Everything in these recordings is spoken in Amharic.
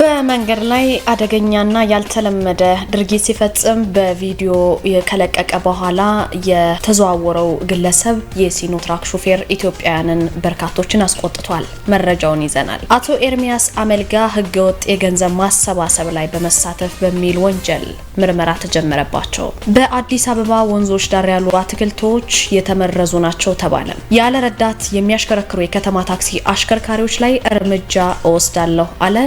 በመንገድ ላይ አደገኛና ያልተለመደ ድርጊት ሲፈጽም በቪዲዮ ከለቀቀ በኋላ የተዘዋወረው ግለሰብ የሲኖትራክ ሹፌር ኢትዮጵያውያንን በርካቶችን አስቆጥቷል። መረጃውን ይዘናል። አቶ ኤርሚያስ አመልጋ ህገወጥ የገንዘብ ማሰባሰብ ላይ በመሳተፍ በሚል ወንጀል ምርመራ ተጀመረባቸው። በአዲስ አበባ ወንዞች ዳር ያሉ አትክልቶች የተመረዙ ናቸው ተባለ። ያለ ረዳት የሚያሽከረክሩ የከተማ ታክሲ አሽከርካሪዎች ላይ እርምጃ እወስዳለሁ አለ።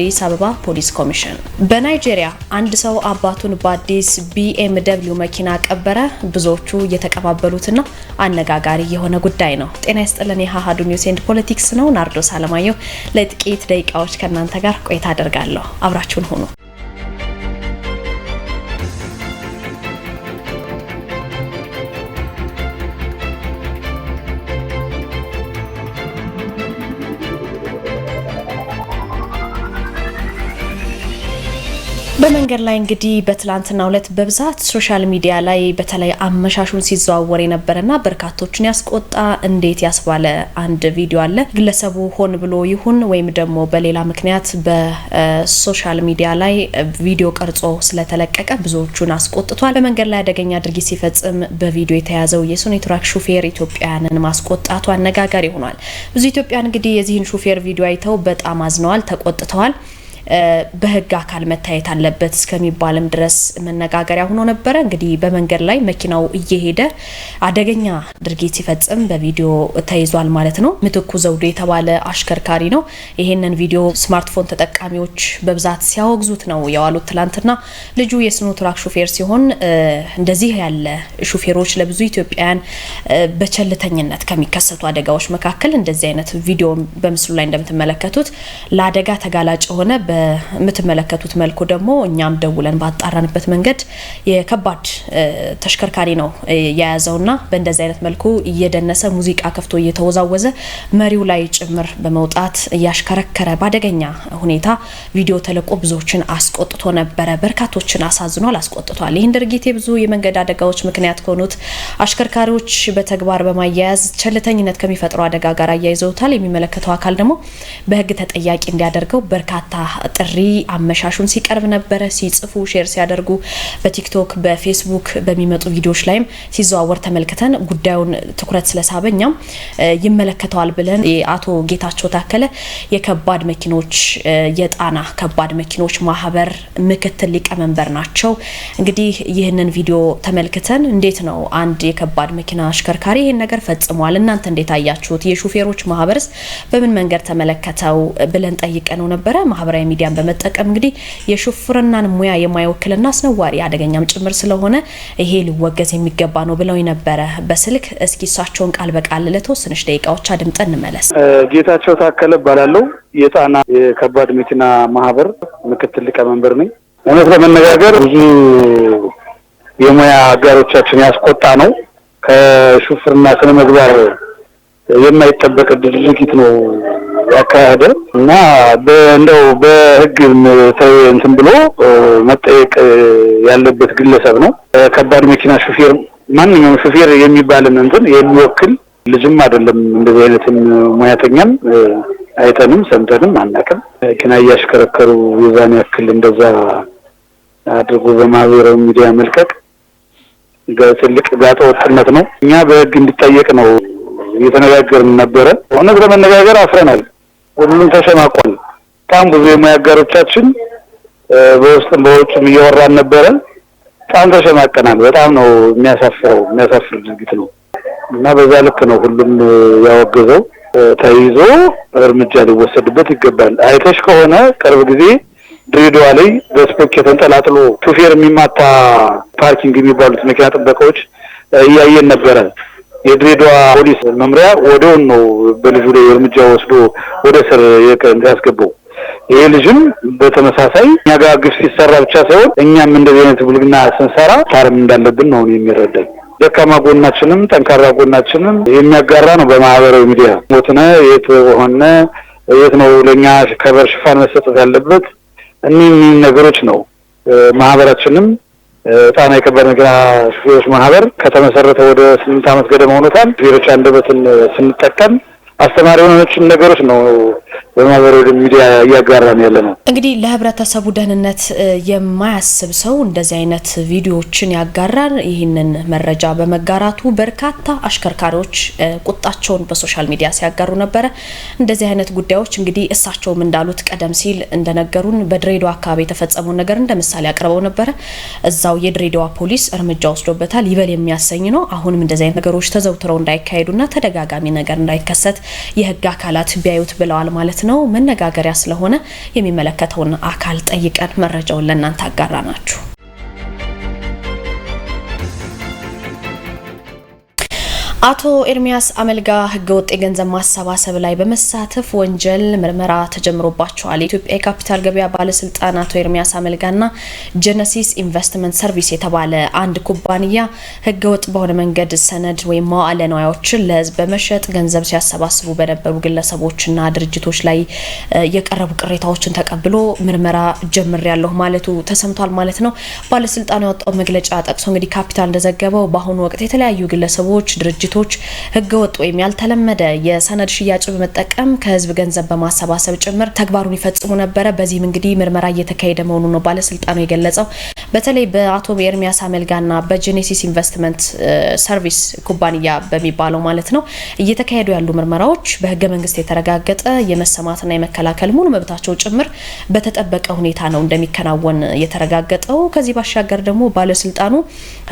የአዲስ አበባ ፖሊስ ኮሚሽን በናይጄሪያ አንድ ሰው አባቱን በአዲስ ቢኤም መኪና ቀበረ። ብዙዎቹ እየተቀባበሉትና አነጋጋሪ የሆነ ጉዳይ ነው። ጤና ይስጥልን። የሀሃዱ ኒውስ ኤንድ ፖለቲክስ ነው። ናርዶስ አለማየሁ ለጥቂት ደቂቃዎች ከእናንተ ጋር ቆይታ አደርጋለሁ። አብራችሁን ሆኑ። በመንገድ ላይ እንግዲህ በትላንትና ሁለት በብዛት ሶሻል ሚዲያ ላይ በተለይ አመሻሹን ሲዘዋወር የነበረና በርካቶችን ያስቆጣ እንዴት ያስባለ አንድ ቪዲዮ አለ። ግለሰቡ ሆን ብሎ ይሁን ወይም ደግሞ በሌላ ምክንያት በሶሻል ሚዲያ ላይ ቪዲዮ ቀርጾ ስለተለቀቀ ብዙዎቹን አስቆጥቷል። በመንገድ ላይ አደገኛ ድርጊት ሲፈጽም በቪዲዮ የተያዘው የሶኒ ትራክ ሹፌር ኢትዮጵያውያንን ማስቆጣቱ አነጋጋሪ ሆኗል። ብዙ ኢትዮጵያን እንግዲህ የዚህን ሹፌር ቪዲዮ አይተው በጣም አዝነዋል፣ ተቆጥተዋል። በህግ አካል መታየት አለበት እስከሚባልም ድረስ መነጋገሪያ ሆኖ ነበረ። እንግዲህ በመንገድ ላይ መኪናው እየሄደ አደገኛ ድርጊት ሲፈጽም በቪዲዮ ተይዟል ማለት ነው። ምትኩ ዘውዱ የተባለ አሽከርካሪ ነው። ይሄንን ቪዲዮ ስማርትፎን ተጠቃሚዎች በብዛት ሲያወግዙት ነው የዋሉት። ትላንትና ልጁ የስኖ ትራክ ሹፌር ሲሆን እንደዚህ ያለ ሹፌሮች ለብዙ ኢትዮጵያውያን በቸልተኝነት ከሚከሰቱ አደጋዎች መካከል እንደዚህ አይነት ቪዲዮ በምስሉ ላይ እንደምትመለከቱት ለአደጋ ተጋላጭ የሆነ በምትመለከቱት መልኩ ደግሞ እኛም ደውለን ባጣራንበት መንገድ የከባድ ተሽከርካሪ ነው የያዘውና በእንደዚህ አይነት መልኩ እየደነሰ ሙዚቃ ከፍቶ እየተወዛወዘ መሪው ላይ ጭምር በመውጣት እያሽከረከረ በአደገኛ ሁኔታ ቪዲዮ ተለቆ ብዙዎችን አስቆጥቶ ነበረ። በርካቶችን አሳዝኗል፣ አስቆጥቷል። ይህን ድርጊት የብዙ የመንገድ አደጋዎች ምክንያት ከሆኑት አሽከርካሪዎች በተግባር በማያያዝ ቸልተኝነት ከሚፈጥረው አደጋ ጋር አያይዘውታል። የሚመለከተው አካል ደግሞ በህግ ተጠያቂ እንዲያደርገው በርካታ ጥሪ አመሻሹን ሲቀርብ ነበረ። ሲጽፉ፣ ሼር ሲያደርጉ በቲክቶክ በፌስቡክ በሚመጡ ቪዲዮዎች ላይም ሲዘዋወር ተመልክተን ጉዳዩን ትኩረት ስለሳበኛም ይመለከተዋል ብለን አቶ ጌታቸው ታከለ የከባድ መኪኖች የጣና ከባድ መኪኖች ማህበር ምክትል ሊቀመንበር ናቸው። እንግዲህ ይህንን ቪዲዮ ተመልክተን እንዴት ነው አንድ የከባድ መኪና አሽከርካሪ ይህን ነገር ፈጽሟል፣ እናንተ እንዴት አያችሁት? የሹፌሮች ማህበርስ በምን መንገድ ተመለከተው ብለን ጠይቀነው ነበረ ማህበራዊ ሚዲያን በመጠቀም እንግዲህ የሹፍርናን ሙያ የማይወክልና አስነዋሪ አደገኛም ጭምር ስለሆነ ይሄ ሊወገዝ የሚገባ ነው ብለው ነበረ በስልክ እስኪ እሳቸውን ቃል በቃል ለተወሰነች ደቂቃዎች አድምጠን እንመለስ። ጌታቸው ታከለ እባላለሁ። የጣና የከባድ መኪና ማህበር ምክትል ሊቀመንበር ነኝ። እውነት ለመነጋገር ብዙ የሙያ አጋሮቻችን ያስቆጣ ነው። ከሹፍርና ስነ ምግባር የማይጠበቅ ድርጊት ነው ያካሄደ እና እንደው በህግ እንትን ብሎ መጠየቅ ያለበት ግለሰብ ነው። ከባድ መኪና ሹፌር፣ ማንኛውም ሹፌር የሚባልን እንትን የሚወክል ልጅም አይደለም። እንደዚህ አይነትም ሙያተኛም አይተንም ሰምተንም አናውቅም። መኪና እያሽከረከሩ የዛን ያክል እንደዛ አድርጎ በማህበራዊ ሚዲያ መልቀቅ ትልቅ ጋጠ ወጥነት ነው። እኛ በህግ እንዲጠየቅ ነው እየተነጋገርን ነበረ። እውነት ለመነጋገር አፍረናል። ሁሉም ተሸማቋል። በጣም ብዙ የሙያ አጋሮቻችን በውስጥም በውጭም እያወራን ነበረ። በጣም ተሸማቀናል። በጣም ነው የሚያሳፍረው፣ የሚያሳፍር ድርጊት ነው እና በዛ ልክ ነው ሁሉም ያወገዘው። ተይዞ እርምጃ ሊወሰድበት ይገባል። አይተሽ ከሆነ ቅርብ ጊዜ ድሬዳዋ ላይ በስፖክ የተንጠላጥሎ ሹፌር የሚማታ ፓርኪንግ የሚባሉት መኪና ጥበቃዎች እያየን ነበረ። የድሬዳዋ ፖሊስ መምሪያ ወደውን ነው በልጁ ላይ እርምጃ ወስዶ ወደ ስር ያስገባው። ይሄ ልጅም በተመሳሳይ እኛ ጋር ግፍ ሲሰራ ብቻ ሳይሆን እኛም እንደዚህ አይነት ብልግና ስንሰራ ታርም እንዳለብን ነው የሚረዳኝ። ደካማ ጎናችንም ጠንካራ ጎናችንም የሚያጋራ ነው። በማህበራዊ ሚዲያ ሞትነ የት ሆነ የት ነው ለእኛ ከበር ሽፋን መሰጠት ያለበት እኒህ ነገሮች ነው ማህበራችንም ጣና የከባድ መኪና ሹፌሮች ማህበር ከተመሰረተ ወደ ስምንት ዓመት ገደማ ሆኖታል። ሹፌሮች አንደበትን ስንጠቀም አስተማሪ የሆነችን ነገሮች ነው በማህበራዊ ሚዲያ እያጋራን ያለ ነው። እንግዲህ ለህብረተሰቡ ደህንነት የማያስብ ሰው እንደዚህ አይነት ቪዲዮዎችን ያጋራል። ይህንን መረጃ በመጋራቱ በርካታ አሽከርካሪዎች ቁጣቸውን በሶሻል ሚዲያ ሲያጋሩ ነበረ። እንደዚህ አይነት ጉዳዮች እንግዲህ እሳቸውም እንዳሉት ቀደም ሲል እንደነገሩን በድሬዳዋ አካባቢ የተፈጸመውን ነገር እንደ ምሳሌ አቅርበው ነበረ። እዛው የድሬዳዋ ፖሊስ እርምጃ ወስዶበታል። ይበል የሚያሰኝ ነው። አሁንም እንደዚህ አይነት ነገሮች ተዘውትረው እንዳይካሄዱና ተደጋጋሚ ነገር እንዳይከሰት የህግ አካላት ቢያዩት ብለዋል ማለት ነው። መነጋገሪያ ስለሆነ የሚመለከተውን አካል ጠይቀን መረጃውን ለእናንተ አጋራ ናችሁ። አቶ ኤርሚያስ አመልጋ ህገወጥ የገንዘብ ማሰባሰብ ላይ በመሳተፍ ወንጀል ምርመራ ተጀምሮባቸዋል። የኢትዮጵያ የካፒታል ገበያ ባለስልጣን አቶ ኤርሚያስ አመልጋና ጀነሲስ ኢንቨስትመንት ሰርቪስ የተባለ አንድ ኩባንያ ህገወጥ በሆነ መንገድ ሰነድ ወይም መዋዕለ ንዋያዎችን ለህዝብ በመሸጥ ገንዘብ ሲያሰባስቡ በነበሩ ግለሰቦችና ድርጅቶች ላይ የቀረቡ ቅሬታዎችን ተቀብሎ ምርመራ ጀምሬያለሁ ማለቱ ተሰምቷል ማለት ነው። ባለስልጣኑ ያወጣው መግለጫ ጠቅሶ እንግዲህ ካፒታል እንደዘገበው በአሁኑ ወቅት የተለያዩ ግለሰቦች ድርጅት ድርጅቶች ህገወጥ ወይም ያልተለመደ የሰነድ ሽያጭ በመጠቀም ከህዝብ ገንዘብ በማሰባሰብ ጭምር ተግባሩን ይፈጽሙ ነበረ። በዚህም እንግዲህ ምርመራ እየተካሄደ መሆኑ ነው ባለስልጣኑ የገለጸው። በተለይ በአቶ ኤርሚያስ አመልጋና በጄኔሲስ ኢንቨስትመንት ሰርቪስ ኩባንያ በሚባለው ማለት ነው እየተካሄዱ ያሉ ምርመራዎች በህገ መንግስት የተረጋገጠ የመሰማትና የመከላከል ሙሉ መብታቸው ጭምር በተጠበቀ ሁኔታ ነው እንደሚከናወን የተረጋገጠው። ከዚህ ባሻገር ደግሞ ባለስልጣኑ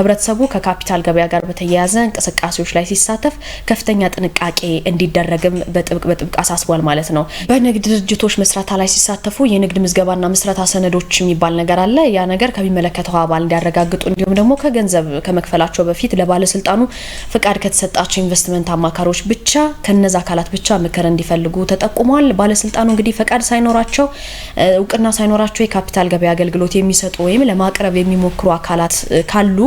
ህብረተሰቡ ከካፒታል ገበያ ጋር በተያያዘ እንቅስቃሴዎች ላይ ሲሳተፍ ከፍተኛ ጥንቃቄ እንዲደረግም በጥብቅ በጥብቅ አሳስቧል ማለት ነው። በንግድ ድርጅቶች ምስረታ ላይ ሲሳተፉ የንግድ ምዝገባና ምስረታ ሰነዶች የሚባል ነገር አለ። ያ ነገር ከሚመለከተው አባል እንዲያረጋግጡ እንዲሁም ደግሞ ከገንዘብ ከመክፈላቸው በፊት ለባለስልጣኑ ፍቃድ ከተሰጣቸው ኢንቨስትመንት አማካሪዎች ብቻ ከነዚ አካላት ብቻ ምክር እንዲፈልጉ ተጠቁሟል። ባለስልጣኑ እንግዲህ ፈቃድ ሳይኖራቸው እውቅና ሳይኖራቸው የካፒታል ገበያ አገልግሎት የሚሰጡ ወይም ለማቅረብ የሚሞክሩ አካላት ካሉ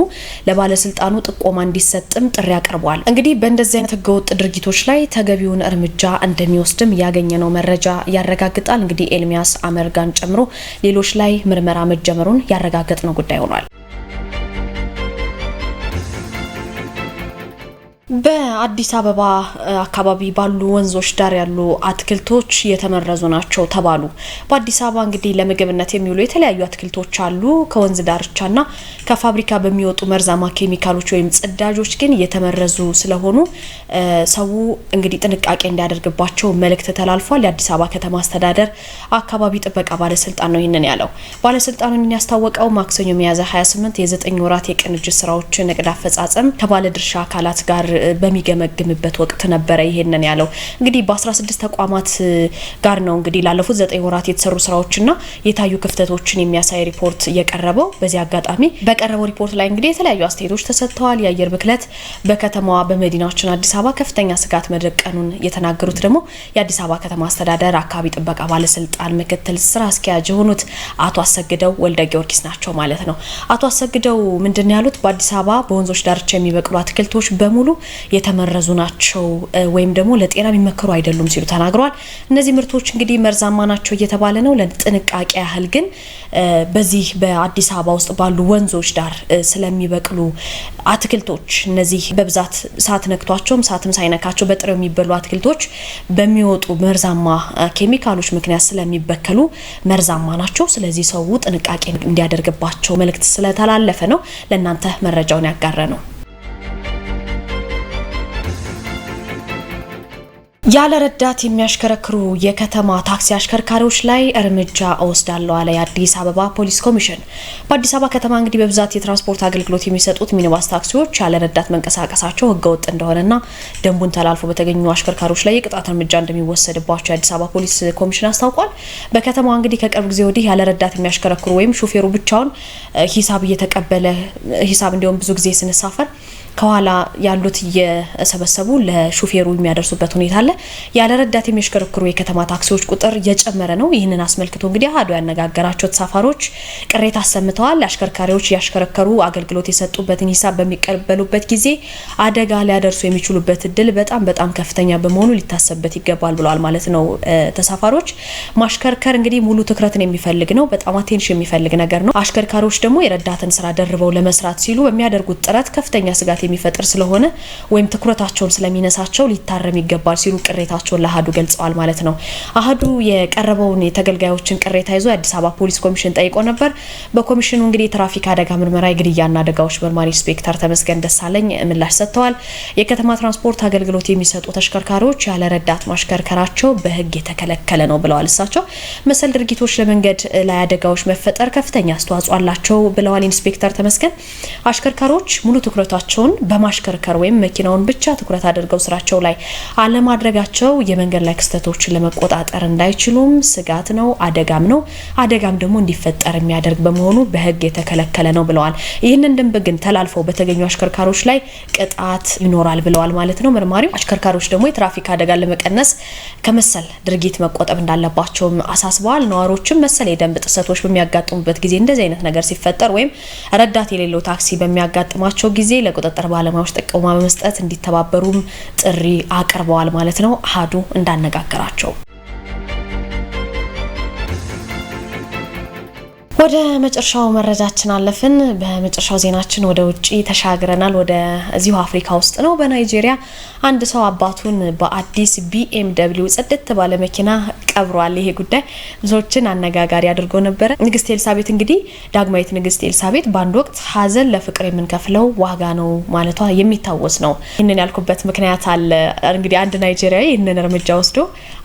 ለባለስልጣኑ ጥቆማ እንዲሰጥም ጥሪ አቅርቧል። እንግዲህ በእንደዚህ አይነት ህገወጥ ድርጊቶች ላይ ተገቢውን እርምጃ እንደሚወስድም ያገኘነው መረጃ ያረጋግጣል። እንግዲህ ኤልሚያስ አመርጋን ጨምሮ ሌሎች ላይ ምርመራ መጀመሩን ያረጋገጥነው ጉዳይ ሆኗል። በአዲስ አበባ አካባቢ ባሉ ወንዞች ዳር ያሉ አትክልቶች የተመረዙ ናቸው ተባሉ። በአዲስ አበባ እንግዲህ ለምግብነት የሚውሉ የተለያዩ አትክልቶች አሉ። ከወንዝ ዳርቻና ከፋብሪካ በሚወጡ መርዛማ ኬሚካሎች ወይም ጽዳጆች ግን የተመረዙ ስለሆኑ ሰው እንግዲህ ጥንቃቄ እንዲያደርግባቸው መልእክት ተላልፏል። የአዲስ አበባ ከተማ አስተዳደር አካባቢ ጥበቃ ባለስልጣን ነው ይህንን ያለው። ባለስልጣኑ ይህንን ያስታወቀው ማክሰኞ ሚያዝያ 28 የዘጠኝ ወራት የቅንጅት ስራዎችን እቅድ አፈጻጸም ከባለድርሻ አካላት ጋር በሚገመግምበት ወቅት ነበረ ይሄንን ያለው። እንግዲህ በ16 ተቋማት ጋር ነው እንግዲህ ላለፉት ዘጠኝ ወራት የተሰሩ ስራዎችና የታዩ ክፍተቶችን የሚያሳይ ሪፖርት የቀረበው። በዚህ አጋጣሚ በቀረበው ሪፖርት ላይ እንግዲህ የተለያዩ አስተያየቶች ተሰጥተዋል። የአየር ብክለት በከተማዋ በመዲናችን አዲስ አበባ ከፍተኛ ስጋት መደቀኑን የተናገሩት ደግሞ የአዲስ አበባ ከተማ አስተዳደር አካባቢ ጥበቃ ባለስልጣን ምክትል ስራ አስኪያጅ የሆኑት አቶ አሰግደው ወልደ ጊዮርጊስ ናቸው ማለት ነው። አቶ አሰግደው ምንድን ያሉት በአዲስ አበባ በወንዞች ዳርቻ የሚበቅሉ አትክልቶች በሙሉ የተመረዙ ናቸው ወይም ደግሞ ለጤና የሚመከሩ አይደሉም ሲሉ ተናግረዋል። እነዚህ ምርቶች እንግዲህ መርዛማ ናቸው እየተባለ ነው። ለጥንቃቄ ያህል ግን በዚህ በአዲስ አበባ ውስጥ ባሉ ወንዞች ዳር ስለሚበቅሉ አትክልቶች እነዚህ በብዛት ሳት ነክቷቸውም ሳትም ሳይነካቸው በጥሬው የሚበሉ አትክልቶች በሚወጡ መርዛማ ኬሚካሎች ምክንያት ስለሚበከሉ መርዛማ ናቸው። ስለዚህ ሰው ጥንቃቄ እንዲያደርግባቸው መልእክት ስለተላለፈ ነው ለእናንተ መረጃውን ያጋረ ነው። ያለ ረዳት የሚያሽከረክሩ የከተማ ታክሲ አሽከርካሪዎች ላይ እርምጃ እወስዳለሁ አለ የአዲስ አበባ ፖሊስ ኮሚሽን። በአዲስ አበባ ከተማ እንግዲህ በብዛት የትራንስፖርት አገልግሎት የሚሰጡት ሚኒባስ ታክሲዎች ያለ ረዳት መንቀሳቀሳቸው ህገወጥ እንደሆነና ደንቡን ተላልፎ በተገኙ አሽከርካሪዎች ላይ የቅጣት እርምጃ እንደሚወሰድባቸው የአዲስ አበባ ፖሊስ ኮሚሽን አስታውቋል። በከተማዋ እንግዲህ ከቅርብ ጊዜ ወዲህ ያለ ረዳት የሚያሽከረክሩ ወይም ሹፌሩ ብቻውን ሂሳብ እየተቀበለ ሂሳብ እንዲሁም ብዙ ጊዜ ስንሳፈር ከኋላ ያሉት እየሰበሰቡ ለሹፌሩ የሚያደርሱበት ሁኔታ አለ። ያለ ረዳት የሚያሽከረክሩ የከተማ ታክሲዎች ቁጥር እየጨመረ ነው። ይህንን አስመልክቶ እንግዲህ አሀዱ ያነጋገራቸው ተሳፋሪዎች ቅሬታ አሰምተዋል። አሽከርካሪዎች ያሽከረከሩ አገልግሎት የሰጡበትን ሂሳብ በሚቀበሉበት ጊዜ አደጋ ሊያደርሱ የሚችሉበት እድል በጣም በጣም ከፍተኛ በመሆኑ ሊታሰብበት ይገባል ብለዋል ማለት ነው። ተሳፋሪዎች ማሽከርከር እንግዲህ ሙሉ ትኩረትን የሚፈልግ ነው። በጣም አቴንሽን የሚፈልግ ነገር ነው። አሽከርካሪዎች ደግሞ የረዳትን ስራ ደርበው ለመስራት ሲሉ በሚያደርጉት ጥረት ከፍተኛ ስጋት ጭንቀት የሚፈጥር ስለሆነ ወይም ትኩረታቸውን ስለሚነሳቸው ሊታረም ይገባል ሲሉ ቅሬታቸውን ለአህዱ ገልጸዋል ማለት ነው። አህዱ የቀረበውን የተገልጋዮችን ቅሬታ ይዞ የአዲስ አበባ ፖሊስ ኮሚሽን ጠይቆ ነበር። በኮሚሽኑ እንግዲህ የትራፊክ አደጋ ምርመራ የግድያና አደጋዎች መርማሪ ኢንስፔክተር ተመስገን ደሳለኝ ምላሽ ሰጥተዋል። የከተማ ትራንስፖርት አገልግሎት የሚሰጡ ተሽከርካሪዎች ያለ ረዳት ማሽከርከራቸው በህግ የተከለከለ ነው ብለዋል። እሳቸው መሰል ድርጊቶች ለመንገድ ላይ አደጋዎች መፈጠር ከፍተኛ አስተዋጽኦ አላቸው ብለዋል ኢንስፔክተር ተመስገን አሽከርካሪዎች ሙሉ ትኩረታቸውን መኪናውን በማሽከርከር ወይም መኪናውን ብቻ ትኩረት አድርገው ስራቸው ላይ አለማድረጋቸው የመንገድ ላይ ክስተቶችን ለመቆጣጠር እንዳይችሉም ስጋት ነው፣ አደጋም ነው። አደጋም ደግሞ እንዲፈጠር የሚያደርግ በመሆኑ በህግ የተከለከለ ነው ብለዋል። ይህንን ደንብ ግን ተላልፈው በተገኙ አሽከርካሪዎች ላይ ቅጣት ይኖራል ብለዋል ማለት ነው። መርማሪው አሽከርካሪዎች ደግሞ የትራፊክ አደጋን ለመቀነስ ከመሰል ድርጊት መቆጠብ እንዳለባቸውም አሳስበዋል። ነዋሪዎችም መሰል የደንብ ጥሰቶች በሚያጋጥሙበት ጊዜ እንደዚህ አይነት ነገር ሲፈጠር ወይም ረዳት የሌለው ታክሲ በሚያጋጥማቸው ጊዜ ለቁጥጥር የአጥር ባለሙያዎች ጥቆማ በመስጠት እንዲተባበሩም ጥሪ አቅርበዋል ማለት ነው። አሀዱ እንዳነጋገራቸው ወደ መጨረሻው መረጃችን አለፍን። በመጨረሻው ዜናችን ወደ ውጭ ተሻግረናል። ወደ እዚሁ አፍሪካ ውስጥ ነው። በናይጄሪያ አንድ ሰው አባቱን በአዲስ ቢኤምደብሊው ጽድት ባለ መኪና ሰብሯል። ይሄ ጉዳይ ብዙዎችን አነጋጋሪ አድርጎ ነበረ። ንግስት ኤልሳቤት እንግዲህ ዳግማዊት ንግስት ኤልሳቤት በአንድ ወቅት ሀዘን ለፍቅር የምንከፍለው ዋጋ ነው ማለቷ የሚታወስ ነው። ይህንን ያልኩበት ምክንያት አለ። እንግዲህ አንድ ናይጄሪያዊ ይህንን እርምጃ ወስዶ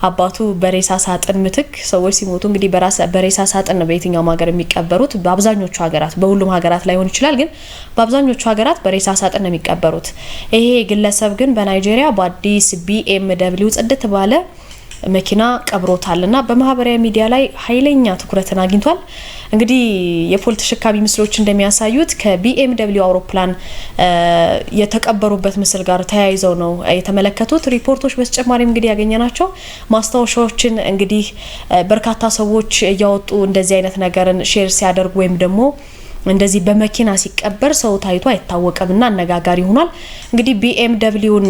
አባቱ በሬሳ ሳጥን ምትክ ሰዎች ሲሞቱ እንግዲህ በሬሳ ሳጥን ነው በየትኛውም ሀገር የሚቀበሩት። በአብዛኞቹ ሀገራት፣ በሁሉም ሀገራት ላይሆን ይችላል፣ ግን በአብዛኞቹ ሀገራት በሬሳ ሳጥን ነው የሚቀበሩት። ይሄ ግለሰብ ግን በናይጄሪያ በአዲስ ቢኤም ደብሊው ጽድት ባለ መኪና ቀብሮታል እና በማህበራዊ ሚዲያ ላይ ኃይለኛ ትኩረትን አግኝቷል። እንግዲህ የፖል ተሸካሚ ምስሎች እንደሚያሳዩት ከቢኤምደብሊው አውሮፕላን የተቀበሩበት ምስል ጋር ተያይዘው ነው የተመለከቱት ሪፖርቶች። በተጨማሪም እንግዲህ ያገኘ ናቸው ማስታወሻዎችን እንግዲህ በርካታ ሰዎች እያወጡ እንደዚህ አይነት ነገርን ሼር ሲያደርጉ ወይም ደግሞ እንደዚህ በመኪና ሲቀበር ሰው ታይቶ አይታወቅምና አነጋጋሪ ሆኗል። እንግዲህ ቢኤምደብሊውን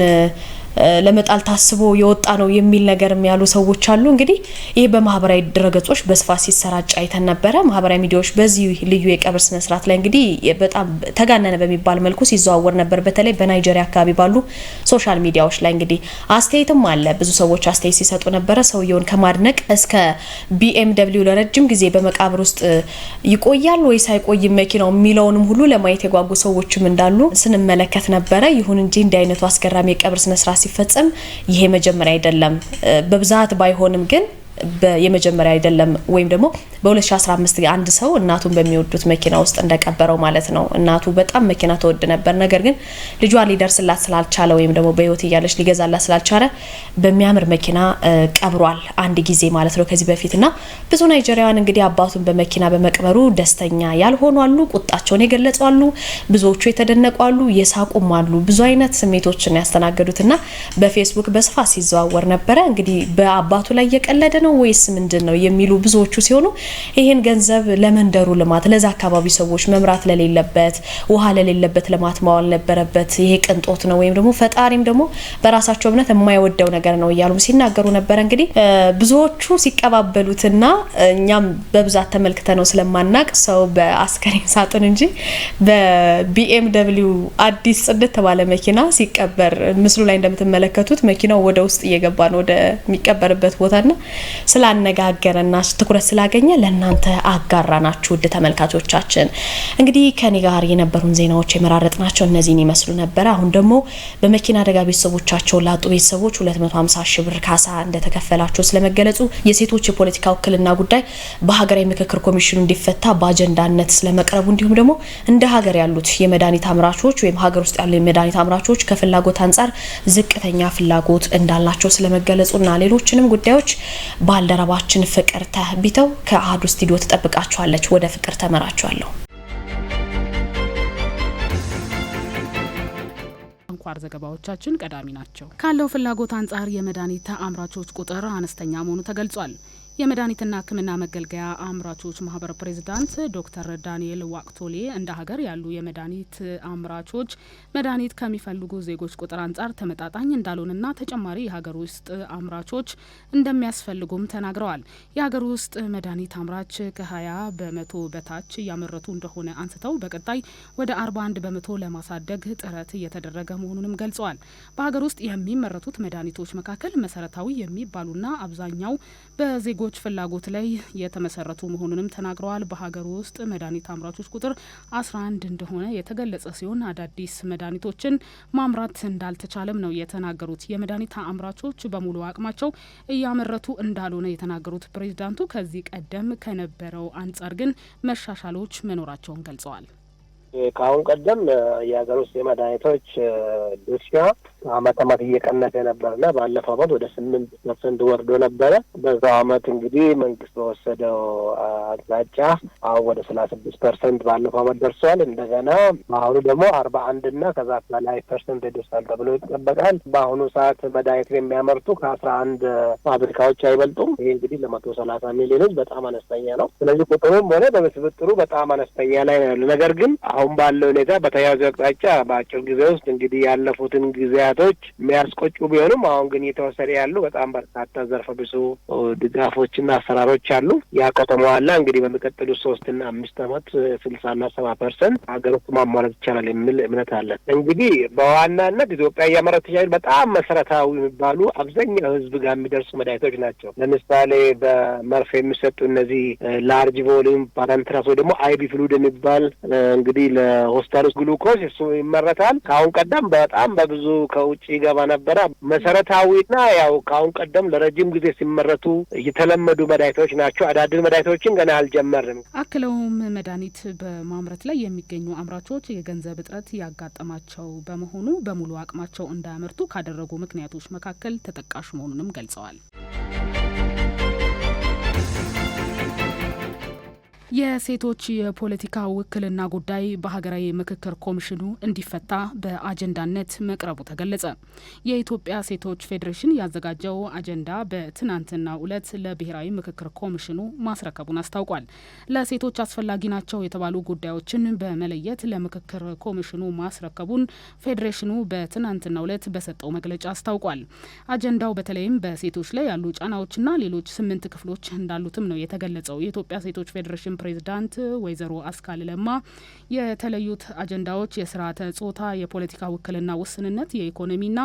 ለመጣል ታስቦ የወጣ ነው የሚል ነገር ያሉ ሰዎች አሉ። እንግዲህ ይህ በማህበራዊ ድረገጾች በስፋት ሲሰራጭ አይተን ነበረ። ማህበራዊ ሚዲያዎች በዚህ ልዩ የቀብር ስነስርዓት ላይ እንግዲህ በጣም ተጋነነ በሚባል መልኩ ሲዘዋወር ነበር። በተለይ በናይጀሪያ አካባቢ ባሉ ሶሻል ሚዲያዎች ላይ እንግዲህ አስተያየትም አለ። ብዙ ሰዎች አስተያየት ሲሰጡ ነበረ። ሰውየውን ከማድነቅ እስከ ቢኤም ለረጅም ጊዜ በመቃብር ውስጥ ይቆያል ወይስ አይቆይም መኪናው የሚለውንም ሁሉ ለማየት የጓጉ ሰዎችም እንዳሉ ስንመለከት ነበረ። ይሁን እንጂ እንዲህ አይነቱ አስገራሚ የቀብር ስነስርዓት ሲፈጸም ይሄ መጀመሪያ አይደለም። በብዛት ባይሆንም ግን የመጀመሪያ አይደለም። ወይም ደግሞ በ2015 አንድ ሰው እናቱን በሚወዱት መኪና ውስጥ እንደቀበረው ማለት ነው። እናቱ በጣም መኪና ተወድ ነበር። ነገር ግን ልጇ ሊደርስላት ስላልቻለ ወይም ደግሞ በህይወት እያለች ሊገዛላት ስላልቻለ በሚያምር መኪና ቀብሯል፣ አንድ ጊዜ ማለት ነው ከዚህ በፊት እና ብዙ ናይጀሪያውያን እንግዲህ አባቱን በመኪና በመቅበሩ ደስተኛ ያልሆኑ አሉ፣ ቁጣቸውን የገለጹ አሉ፣ ብዙዎቹ የተደነቁ አሉ፣ የሳቁም አሉ። ብዙ አይነት ስሜቶችን ያስተናገዱትና በፌስቡክ በስፋት ሲዘዋወር ነበረ። እንግዲህ በአባቱ ላይ የቀለደ ነው ነው ወይስ ምንድን ነው የሚሉ ብዙዎቹ ሲሆኑ ይህን ገንዘብ ለመንደሩ ልማት ለዛ አካባቢ ሰዎች መምራት ለሌለበት ውሃ ለሌለበት ልማት ማዋል ነበረበት። ይሄ ቅንጦት ነው ወይም ደግሞ ፈጣሪም ደግሞ በራሳቸው እምነት የማይወደው ነገር ነው እያሉም ሲናገሩ ነበረ። እንግዲህ ብዙዎቹ ሲቀባበሉትና እኛም በብዛት ተመልክተ ነው ስለማናቅ ሰው በአስከሬን ሳጥን እንጂ በቢኤም ደብሊው አዲስ ጽድት ተባለ መኪና ሲቀበር ምስሉ ላይ እንደምትመለከቱት መኪናው ወደ ውስጥ እየገባ ነው ወደሚቀበርበት ቦታና ስላነጋገረና ትኩረት ስላገኘ ለእናንተ አጋራናችሁ። ውድ ተመልካቾቻችን እንግዲህ ከኔ ጋር የነበሩን ዜናዎች ናቸው እነዚህን ይመስሉ ነበረ። አሁን ደግሞ በመኪና አደጋ ቤተሰቦቻቸው ላጡ ቤተሰቦች 250 ሺ ብር ካሳ እንደተከፈላቸው ስለመገለጹ፣ የሴቶች የፖለቲካ ውክልና ጉዳይ በሀገራዊ ምክክር ኮሚሽኑ እንዲፈታ በአጀንዳነት ስለመቅረቡ፣ እንዲሁም ደግሞ እንደ ሀገር ያሉት የመድኃኒት አምራቾች ወይም ሀገር ውስጥ ያሉ የመድኃኒት አምራቾች ከፍላጎት አንጻር ዝቅተኛ ፍላጎት እንዳላቸው ስለመገለጹና ሌሎችንም ጉዳዮች ባልደረባችን ፍቅር ቢተው ከአህዱ ስቱዲዮ ትጠብቃችኋለች። ወደ ፍቅር ተመራችኋለሁ። አንኳር ዘገባዎቻችን ቀዳሚ ናቸው። ካለው ፍላጎት አንጻር የመድኃኒት አምራቾች ቁጥር አነስተኛ መሆኑ ተገልጿል። የመድኃኒትና ሕክምና መገልገያ አምራቾች ማህበር ፕሬዚዳንት ዶክተር ዳንኤል ዋቅቶሌ እንደ ሀገር ያሉ የመድኃኒት አምራቾች መድኃኒት ከሚፈልጉ ዜጎች ቁጥር አንጻር ተመጣጣኝ እንዳልሆነና ተጨማሪ የሀገር ውስጥ አምራቾች እንደሚያስፈልጉም ተናግረዋል። የሀገር ውስጥ መድኃኒት አምራች ከ20 በመቶ በታች እያመረቱ እንደሆነ አንስተው በቀጣይ ወደ 41 በመቶ ለማሳደግ ጥረት እየተደረገ መሆኑንም ገልጸዋል። በሀገር ውስጥ የሚመረቱት መድኃኒቶች መካከል መሰረታዊ የሚባሉና አብዛኛው በዜጎ ዜጎች ፍላጎት ላይ የተመሰረቱ መሆኑንም ተናግረዋል። በሀገር ውስጥ መድኃኒት አምራቾች ቁጥር አስራ አንድ እንደሆነ የተገለጸ ሲሆን አዳዲስ መድኃኒቶችን ማምራት እንዳልተቻለም ነው የተናገሩት። የመድኃኒት አምራቾች በሙሉ አቅማቸው እያመረቱ እንዳልሆነ የተናገሩት ፕሬዚዳንቱ ከዚህ ቀደም ከነበረው አንጻር ግን መሻሻሎች መኖራቸውን ገልጸዋል። ከአሁን ቀደም የሀገር ውስጥ የመድኃኒቶች ድርሻ አመት አመት እየቀነሰ ነበር እና ባለፈው አመት ወደ ስምንት ፐርሰንት ወርዶ ነበረ። በዛው አመት እንግዲህ መንግስት በወሰደው አቅጣጫ አሁን ወደ ሰላሳ ስድስት ፐርሰንት ባለፈው አመት ደርሷል። እንደገና በአሁኑ ደግሞ አርባ አንድ እና ከዛ በላይ ፐርሰንት ይደርሳል ተብሎ ይጠበቃል። በአሁኑ ሰዓት መድኃኒት የሚያመርቱ ከአስራ አንድ ፋብሪካዎች አይበልጡም። ይሄ እንግዲህ ለመቶ ሰላሳ ሚሊዮን በጣም አነስተኛ ነው። ስለዚህ ቁጥሩም ሆነ በምስብጥሩ በጣም አነስተኛ ላይ ነው ያሉ። ነገር ግን አሁን ባለው ሁኔታ በተያያዘ አቅጣጫ በአጭር ጊዜ ውስጥ እንግዲህ ያለፉትን ጊዜ ምክንያቶች የሚያስቆጩ ቢሆንም አሁን ግን እየተወሰደ ያሉ በጣም በርካታ ዘርፈ ብዙ ድጋፎችና አሰራሮች አሉ። ያ ከተሟላ እንግዲህ በሚቀጥሉ ሶስትና አምስት አመት ስልሳና ሰባ ፐርሰንት ሀገር ውስጥ ማሟላት ይቻላል የሚል እምነት አለን። እንግዲህ በዋናነት ኢትዮጵያ እያመረተች በጣም መሰረታዊ የሚባሉ አብዛኛው ህዝብ ጋር የሚደርሱ መድኃኒቶች ናቸው። ለምሳሌ በመርፌ የሚሰጡ እነዚህ ላርጅ ቮሊም ፓራንትራስ ወይ ደግሞ አይቢ ፍሉድ የሚባል እንግዲህ ለሆስፒታል ውስጥ ግሉኮስ እሱ ይመረታል። ከአሁን ቀደም በጣም በብዙ ከውጭ ይገባ ነበረ። መሰረታዊና ያው ከአሁን ቀደም ለረጅም ጊዜ ሲመረቱ የተለመዱ መድኃኒቶች ናቸው። አዳዲስ መድኃኒቶችን ገና አልጀመርም። አክለውም መድኃኒት በማምረት ላይ የሚገኙ አምራቾች የገንዘብ እጥረት ያጋጠማቸው በመሆኑ በሙሉ አቅማቸው እንዳያመርቱ ካደረጉ ምክንያቶች መካከል ተጠቃሽ መሆኑንም ገልጸዋል። የሴቶች የፖለቲካ ውክልና ጉዳይ በሀገራዊ ምክክር ኮሚሽኑ እንዲፈታ በአጀንዳነት መቅረቡ ተገለጸ። የኢትዮጵያ ሴቶች ፌዴሬሽን ያዘጋጀው አጀንዳ በትናንትናው ዕለት ለብሔራዊ ምክክር ኮሚሽኑ ማስረከቡን አስታውቋል። ለሴቶች አስፈላጊ ናቸው የተባሉ ጉዳዮችን በመለየት ለምክክር ኮሚሽኑ ማስረከቡን ፌዴሬሽኑ በትናንትናው ዕለት በሰጠው መግለጫ አስታውቋል። አጀንዳው በተለይም በሴቶች ላይ ያሉ ጫናዎችና ሌሎች ስምንት ክፍሎች እንዳሉትም ነው የተገለጸው። የኢትዮጵያ ሴቶች ፌዴሬሽን ፕሬዝዳንት ወይዘሮ አስካል ለማ የተለዩት አጀንዳዎች የስርዓተ ጾታ፣ የፖለቲካ ውክልና ውስንነት፣ የኢኮኖሚና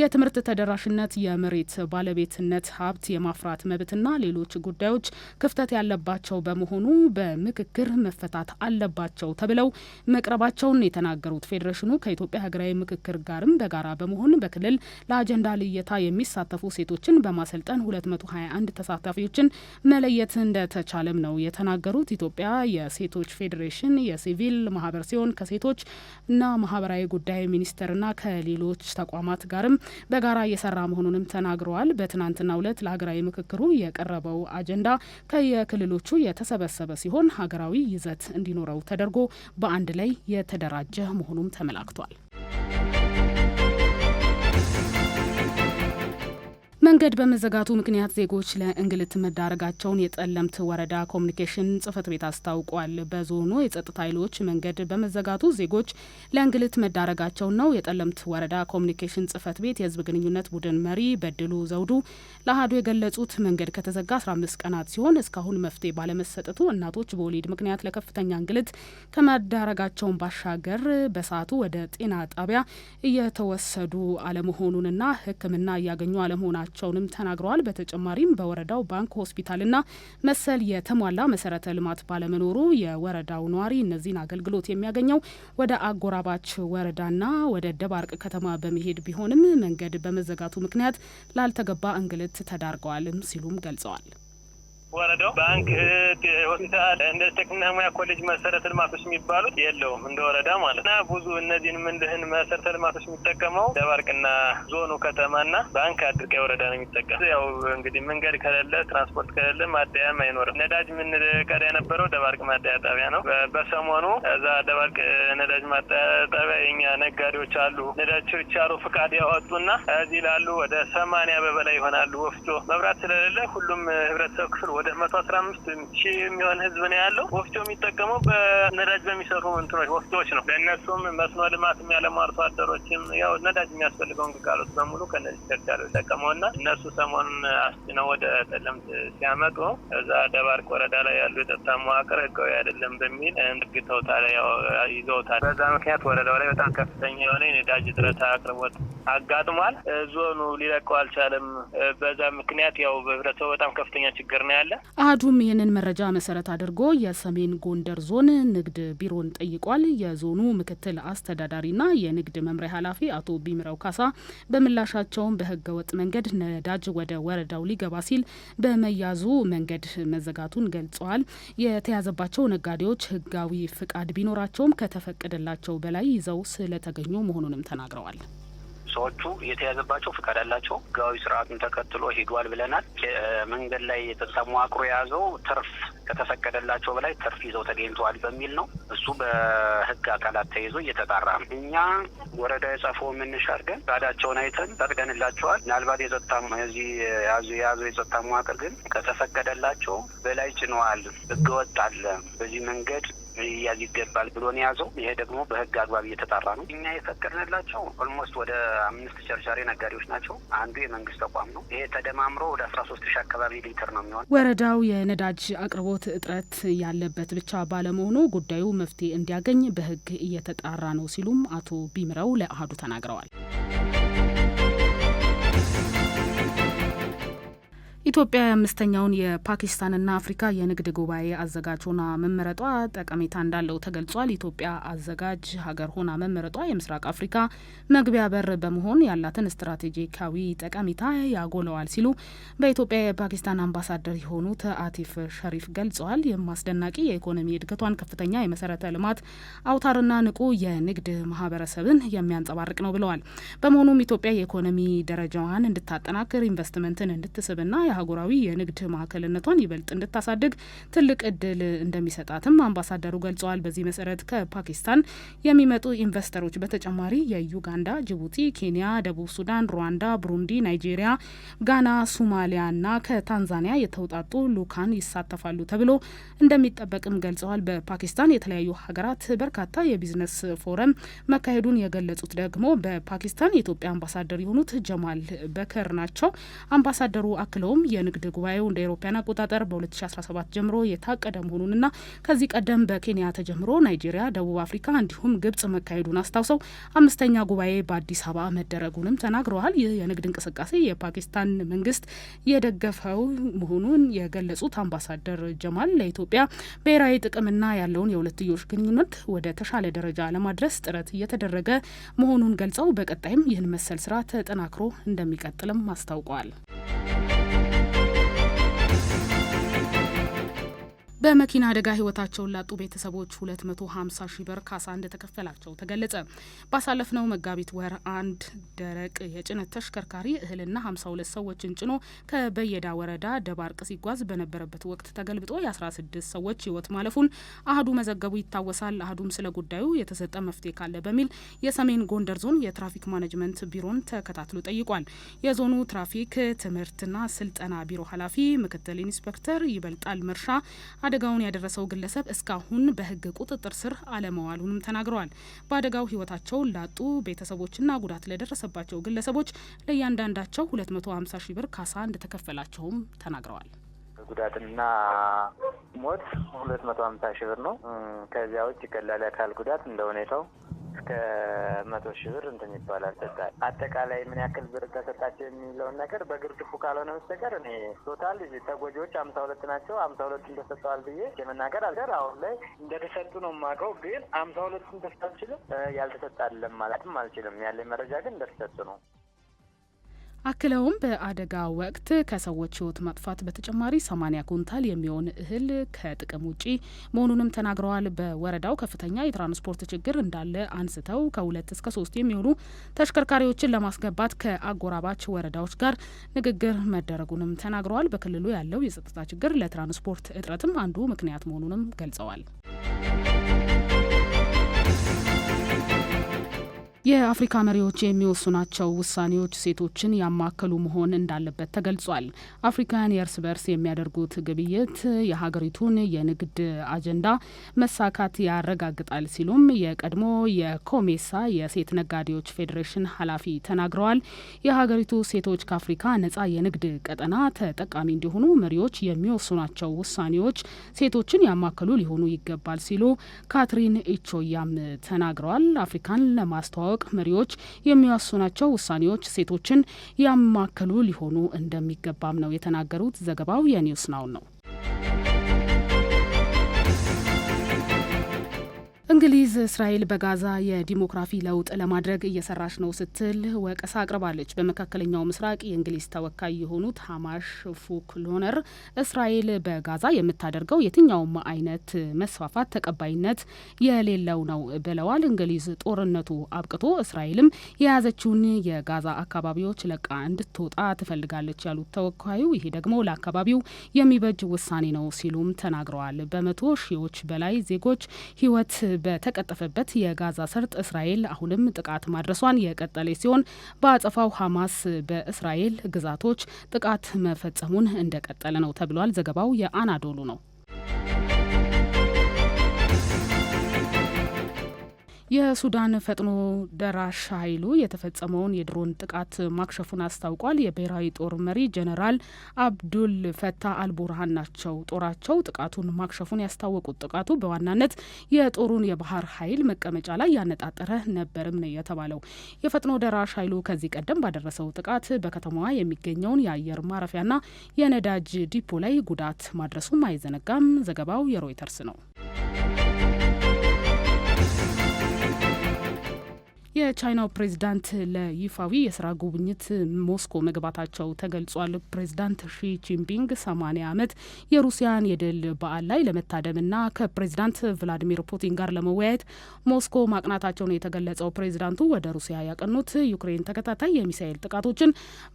የትምህርት ተደራሽነት፣ የመሬት ባለቤትነት ሀብት የማፍራት መብትና ሌሎች ጉዳዮች ክፍተት ያለባቸው በመሆኑ በምክክር መፈታት አለባቸው ተብለው መቅረባቸውን የተናገሩት ፌዴሬሽኑ ከኢትዮጵያ ሀገራዊ ምክክር ጋርም በጋራ በመሆን በክልል ለአጀንዳ ልየታ የሚሳተፉ ሴቶችን በማሰልጠን 221 ተሳታፊዎችን መለየት እንደተቻለም ነው የተናገሩት። ኢትዮጵያ የሴቶች ፌዴሬሽን የሲቪል ማህበር ሲሆን ከሴቶች እና ማህበራዊ ጉዳይ ሚኒስቴርና ከሌሎች ተቋማት ጋርም በጋራ እየሰራ መሆኑንም ተናግረዋል። በትናንትናው ዕለት ለሀገራዊ ምክክሩ የቀረበው አጀንዳ ከየክልሎቹ የተሰበሰበ ሲሆን ሀገራዊ ይዘት እንዲኖረው ተደርጎ በአንድ ላይ የተደራጀ መሆኑም ተመላክቷል። መንገድ በመዘጋቱ ምክንያት ዜጎች ለእንግልት መዳረጋቸውን የጠለምት ወረዳ ኮሚኒኬሽን ጽህፈት ቤት አስታውቋል። በዞኑ የጸጥታ ኃይሎች መንገድ በመዘጋቱ ዜጎች ለእንግልት መዳረጋቸው ነው የጠለምት ወረዳ ኮሚኒኬሽን ጽህፈት ቤት የህዝብ ግንኙነት ቡድን መሪ በድሉ ዘውዱ ለአህዱ የገለጹት። መንገድ ከተዘጋ 15 ቀናት ሲሆን እስካሁን መፍትሄ ባለመሰጠቱ እናቶች በወሊድ ምክንያት ለከፍተኛ እንግልት ከመዳረጋቸውን ባሻገር በሰዓቱ ወደ ጤና ጣቢያ እየተወሰዱ አለመሆኑንና ሕክምና እያገኙ አለመሆናቸው መሆናቸውንም ተናግረዋል። በተጨማሪም በወረዳው ባንክ፣ ሆስፒታልና መሰል የተሟላ መሰረተ ልማት ባለመኖሩ የወረዳው ነዋሪ እነዚህን አገልግሎት የሚያገኘው ወደ አጎራባች ወረዳና ወደ ደባርቅ ከተማ በመሄድ ቢሆንም መንገድ በመዘጋቱ ምክንያት ላልተገባ እንግልት ተዳርገዋልም ሲሉም ገልጸዋል። ወረዳው ባንክ፣ ሆስፒታል፣ እንደ ቴክኒክና ሙያ ኮሌጅ መሰረተ ልማቶች የሚባሉት የለውም እንደ ወረዳ ማለት እና ብዙ እነዚህን ምንድህን መሰረተ ልማቶች የሚጠቀመው ደባርቅና ዞኑ ከተማና ባንክ አድርቀ ወረዳ ነው የሚጠቀም። ያው እንግዲህ መንገድ ከሌለ ትራንስፖርት ከሌለ ማደያም አይኖርም። ነዳጅ የምንቀዳ የነበረው ደባርቅ ማደያ ጣቢያ ነው። በሰሞኑ እዛ ደባርቅ ነዳጅ ማደያ ጣቢያ የኛ ነጋዴዎች አሉ ነዳጆች አሉ ፍቃድ ያወጡና እዚህ ላሉ ወደ ሰማንያ በበላይ ይሆናሉ። ወፍጮ መብራት ስለሌለ ሁሉም ህብረተሰብ ክፍል ወደ መቶ አስራ አምስት የሚሆን ህዝብ ነው ያለው። ወፍጮ የሚጠቀመው በነዳጅ በሚሰሩ እንትኖች ወፍጮዎች ነው። ለእነሱም መስኖ ልማት ያለሙ አርሶ አደሮችም ያው ነዳጅ የሚያስፈልገውን ግልጋሎት በሙሉ ከነዚህ ተጋሉ ይጠቀመው እና እነሱ ሰሞኑን አስጭነው ወደ ጠለምት ሲያመጡ እዛ ደባርቅ ወረዳ ላይ ያሉ የጸጥታ መዋቅር ህጋዊ አይደለም በሚል እንድግተውታል፣ ያው ይዘውታል። በዛ ምክንያት ወረዳው ላይ በጣም ከፍተኛ የሆነ የነዳጅ እጥረት አቅርቦት አጋጥሟል። ዞኑ ሊለቀው አልቻለም። በዛ ምክንያት ያው በህብረተሰቡ በጣም ከፍተኛ ችግር ነው ያለ። አህዱም ይህንን መረጃ መሰረት አድርጎ የሰሜን ጎንደር ዞን ንግድ ቢሮን ጠይቋል። የዞኑ ምክትል አስተዳዳሪና የንግድ መምሪያ ኃላፊ አቶ ቢምረው ካሳ በምላሻቸውም በህገ ወጥ መንገድ ነዳጅ ወደ ወረዳው ሊገባ ሲል በመያዙ መንገድ መዘጋቱን ገልጸዋል። የተያዘባቸው ነጋዴዎች ህጋዊ ፍቃድ ቢኖራቸውም ከተፈቀደላቸው በላይ ይዘው ስለተገኙ መሆኑንም ተናግረዋል። ሰዎቹ የተያዘባቸው ፍቃድ አላቸው። ህጋዊ ስርዓቱን ተከትሎ ሄዷል ብለናል። መንገድ ላይ ተሟክሮ የያዘው ትርፍ ከተፈቀደላቸው በላይ ትርፍ ይዘው ተገኝተዋል በሚል ነው። እሱ በህግ አካላት ተይዞ እየተጣራ ነው። እኛ ወረዳ የጻፈ ምንሽ አድርገን ፍቃዳቸውን አይተን ፈቅደንላቸዋል። ምናልባት የጸጥታ እዚህ ያዙ የያዙ የጸጥታ መዋቅር ግን ከተፈቀደላቸው በላይ ጭነዋል፣ ህገወጥ አለ በዚህ መንገድ ሊያዝ ይገባል ብሎ ነው የያዘው። ይሄ ደግሞ በህግ አግባብ እየተጣራ ነው። እኛ የፈቀድንላቸው ኦልሞስት ወደ አምስት ቸርቻሪ ነጋዴዎች ናቸው። አንዱ የመንግስት ተቋም ነው። ይሄ ተደማምሮ ወደ አስራ ሶስት ሺ አካባቢ ሊትር ነው የሚሆን። ወረዳው የነዳጅ አቅርቦት እጥረት ያለበት ብቻ ባለመሆኑ ጉዳዩ መፍትሄ እንዲያገኝ በህግ እየተጣራ ነው ሲሉም አቶ ቢምረው ለአህዱ ተናግረዋል። ኢትዮጵያ የአምስተኛውን የፓኪስታንና አፍሪካ የንግድ ጉባኤ አዘጋጅ ሆና መመረጧ ጠቀሜታ እንዳለው ተገልጿል። ኢትዮጵያ አዘጋጅ ሀገር ሆና መመረጧ የምስራቅ አፍሪካ መግቢያ በር በመሆን ያላትን ስትራቴጂካዊ ጠቀሜታ ያጎለዋል ሲሉ በኢትዮጵያ የፓኪስታን አምባሳደር የሆኑት አቲፍ ሸሪፍ ገልጸዋል። አስደናቂ የኢኮኖሚ እድገቷን ከፍተኛ የመሰረተ ልማት አውታርና ንቁ የንግድ ማህበረሰብን የሚያንጸባርቅ ነው ብለዋል። በመሆኑም ኢትዮጵያ የኢኮኖሚ ደረጃዋን እንድታጠናክር ኢንቨስትመንትን እንድትስብና አህጉራዊ የንግድ ማዕከልነቷን ይበልጥ እንድታሳድግ ትልቅ እድል እንደሚሰጣትም አምባሳደሩ ገልጸዋል። በዚህ መሰረት ከፓኪስታን የሚመጡ ኢንቨስተሮች በተጨማሪ የዩጋንዳ፣ ጅቡቲ፣ ኬንያ፣ ደቡብ ሱዳን፣ ሩዋንዳ፣ ብሩንዲ፣ ናይጄሪያ፣ ጋና፣ ና ከታንዛኒያ የተውጣጡ ልኡካን ይሳተፋሉ ተብሎ እንደሚጠበቅም ገልጸዋል። በፓኪስታን የተለያዩ ሀገራት በርካታ የቢዝነስ ፎረም መካሄዱን የገለጹት ደግሞ በፓኪስታን የኢትዮጵያ አምባሳደር የሆኑት ጀማል በከር ናቸው። አምባሳደሩ አክለውም የንግድ ጉባኤው እንደ አውሮፓውያን አቆጣጠር በ2017 ጀምሮ የታቀደ መሆኑንና ከዚህ ቀደም በኬንያ ተጀምሮ ናይጄሪያ፣ ደቡብ አፍሪካ እንዲሁም ግብጽ መካሄዱን አስታውሰው አምስተኛ ጉባኤ በአዲስ አበባ መደረጉንም ተናግረዋል። ይህ የንግድ እንቅስቃሴ የፓኪስታን መንግስት የደገፈው መሆኑን የገለጹት አምባሳደር ጀማል ለኢትዮጵያ ብሔራዊ ጥቅምና ያለውን የሁለትዮሽ ግንኙነት ወደ ተሻለ ደረጃ ለማድረስ ጥረት እየተደረገ መሆኑን ገልጸው በቀጣይም ይህን መሰል ስራ ተጠናክሮ እንደሚቀጥልም አስታውቋል። በመኪና አደጋ ህይወታቸውን ላጡ ቤተሰቦች 250 ሺህ ብር ካሳ እንደተከፈላቸው ተገለጸ። ባሳለፍነው መጋቢት ወር አንድ ደረቅ የጭነት ተሽከርካሪ እህልና 52 ሰዎችን ጭኖ ከበየዳ ወረዳ ደባርቅ ሲጓዝ በነበረበት ወቅት ተገልብጦ የ16 ሰዎች ህይወት ማለፉን አህዱ መዘገቡ ይታወሳል። አህዱም ስለ ጉዳዩ የተሰጠ መፍትሄ ካለ በሚል የሰሜን ጎንደር ዞን የትራፊክ ማኔጅመንት ቢሮን ተከታትሎ ጠይቋል። የዞኑ ትራፊክ ትምህርትና ስልጠና ቢሮ ኃላፊ ምክትል ኢንስፔክተር ይበልጣል መርሻ አደጋውን ያደረሰው ግለሰብ እስካሁን በህግ ቁጥጥር ስር አለመዋሉንም ተናግረዋል። በአደጋው ህይወታቸው ላጡ ቤተሰቦችና ጉዳት ለደረሰባቸው ግለሰቦች ለእያንዳንዳቸው 250 ሺህ ብር ካሳ እንደተከፈላቸውም ተናግረዋል። ጉዳትና ሞት 250 ሺህ ብር ነው። ከዚያ ውጭ ቀላል አካል ጉዳት እንደ ሁኔታው እስከ መቶ ሺህ ብር እንትን ይባላል። ሰጣል አጠቃላይ ምን ያክል ብር ተሰጣቸው የሚለውን ነገር በግርድፉ ካልሆነ በስተቀር እኔ ቶታል ተጎጂዎች አምሳ ሁለት ናቸው። አምሳ ሁለቱን ተሰጠዋል ብዬ የመናገር አልገር አሁን ላይ እንደተሰጡ ነው የማውቀው። ግን አምሳ ሁለቱን ተሰጥ አልችልም፣ ያልተሰጣለም ማለትም አልችልም። ያለ መረጃ ግን እንደተሰጡ ነው። አክለውም በአደጋ ወቅት ከሰዎች ህይወት ማጥፋት በተጨማሪ ሰማኒያ ኩንታል የሚሆን እህል ከጥቅም ውጪ መሆኑንም ተናግረዋል። በወረዳው ከፍተኛ የትራንስፖርት ችግር እንዳለ አንስተው ከሁለት እስከ ሶስት የሚሆኑ ተሽከርካሪዎችን ለማስገባት ከአጎራባች ወረዳዎች ጋር ንግግር መደረጉንም ተናግረዋል። በክልሉ ያለው የጸጥታ ችግር ለትራንስፖርት እጥረትም አንዱ ምክንያት መሆኑንም ገልጸዋል። የአፍሪካ መሪዎች የሚወስኗቸው ውሳኔዎች ሴቶችን ያማከሉ መሆን እንዳለበት ተገልጿል። አፍሪካውያን የእርስ በርስ የሚያደርጉት ግብይት የሀገሪቱን የንግድ አጀንዳ መሳካት ያረጋግጣል ሲሉም የቀድሞ የኮሜሳ የሴት ነጋዴዎች ፌዴሬሽን ኃላፊ ተናግረዋል። የሀገሪቱ ሴቶች ከአፍሪካ ነጻ የንግድ ቀጠና ተጠቃሚ እንዲሆኑ መሪዎች የሚወስኗቸው ውሳኔዎች ሴቶችን ያማከሉ ሊሆኑ ይገባል ሲሉ ካትሪን ኢቾያም ተናግረዋል። አፍሪካን ለማስተዋወቅ ለማወቅ መሪዎች የሚወስኗቸው ውሳኔዎች ሴቶችን ያማከሉ ሊሆኑ እንደሚገባም ነው የተናገሩት። ዘገባው የኒውስ ናው ነው። እንግሊዝ እስራኤል በጋዛ የዲሞክራፊ ለውጥ ለማድረግ እየሰራች ነው ስትል ወቀሳ አቅርባለች። በመካከለኛው ምስራቅ የእንግሊዝ ተወካይ የሆኑት ሀማሽ ሎነር እስራኤል በጋዛ የምታደርገው የትኛውም አይነት መስፋፋት ተቀባይነት የሌለው ነው ብለዋል። እንግሊዝ ጦርነቱ አብቅቶ እስራኤልም የያዘችውን የጋዛ አካባቢዎች ለቃ እንድትወጣ ትፈልጋለች ያሉት ተወካዩ ይሄ ደግሞ ለአካባቢው የሚበጅ ውሳኔ ነው ሲሉም ተናግረዋል። በመቶ ሺዎች በላይ ዜጎች ህይወት በተቀጠፈበት የጋዛ ሰርጥ እስራኤል አሁንም ጥቃት ማድረሷን የቀጠለች ሲሆን በአጸፋው ሀማስ በእስራኤል ግዛቶች ጥቃት መፈጸሙን እንደቀጠለ ነው ተብሏል። ዘገባው የአናዶሉ ነው። የሱዳን ፈጥኖ ደራሽ ኃይሉ የተፈጸመውን የድሮን ጥቃት ማክሸፉን አስታውቋል። የብሔራዊ ጦር መሪ ጀነራል አብዱል ፈታ አልቡርሃን ናቸው ጦራቸው ጥቃቱን ማክሸፉን ያስታወቁት። ጥቃቱ በዋናነት የጦሩን የባህር ኃይል መቀመጫ ላይ ያነጣጠረ ነበርም ነው የተባለው። የፈጥኖ ደራሽ ኃይሉ ከዚህ ቀደም ባደረሰው ጥቃት በከተማዋ የሚገኘውን የአየር ማረፊያና የነዳጅ ዲፖ ላይ ጉዳት ማድረሱም አይዘነጋም። ዘገባው የሮይተርስ ነው። የቻይናው ፕሬዚዳንት ለይፋዊ የስራ ጉብኝት ሞስኮ መግባታቸው ተገልጿል። ፕሬዚዳንት ሺ ጂንፒንግ ሰማኒያ ዓመት የሩሲያን የድል በዓል ላይ ለመታደምና ከፕሬዚዳንት ቭላዲሚር ፑቲን ጋር ለመወያየት ሞስኮ ማቅናታቸው ነው የተገለጸው ፕሬዚዳንቱ ወደ ሩሲያ ያቀኑት ዩክሬን ተከታታይ የሚሳኤል ጥቃቶችን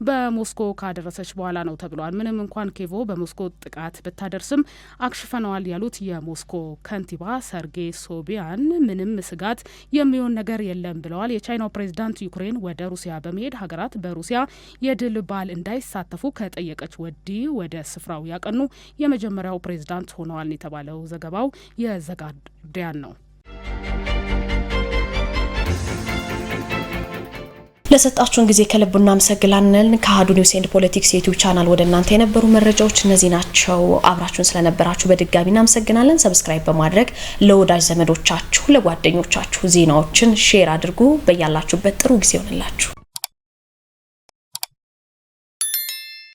በሞስኮ ካደረሰች በኋላ ነው ተብሏል። ምንም እንኳን ኬቮ በሞስኮ ጥቃት ብታደርስም አክሽፈነዋል ያሉት የሞስኮ ከንቲባ ሰርጌይ ሶቢያን ምንም ስጋት የሚሆን ነገር የለም ብለዋል። የቻይናው ፕሬዚዳንት ዩክሬን ወደ ሩሲያ በመሄድ ሀገራት በሩሲያ የድል በዓል እንዳይሳተፉ ከጠየቀች ወዲህ ወደ ስፍራው ያቀኑ የመጀመሪያው ፕሬዚዳንት ሆነዋል የተባለው ዘገባው የዘጋርዲያን ነው። ለሰጣችሁን ጊዜ ከልብ እናመሰግናለን። ከአሀዱ ኒውስ ኤንድ ፖለቲክስ የዩቲዩብ ቻናል ወደ እናንተ የነበሩ መረጃዎች እነዚህ ናቸው። አብራችሁን ስለነበራችሁ በድጋሚ እናመሰግናለን። ሰብስክራይብ በማድረግ ለወዳጅ ዘመዶቻችሁ፣ ለጓደኞቻችሁ ዜናዎችን ሼር አድርጉ። በያላችሁበት ጥሩ ጊዜ ይሆንላችሁ።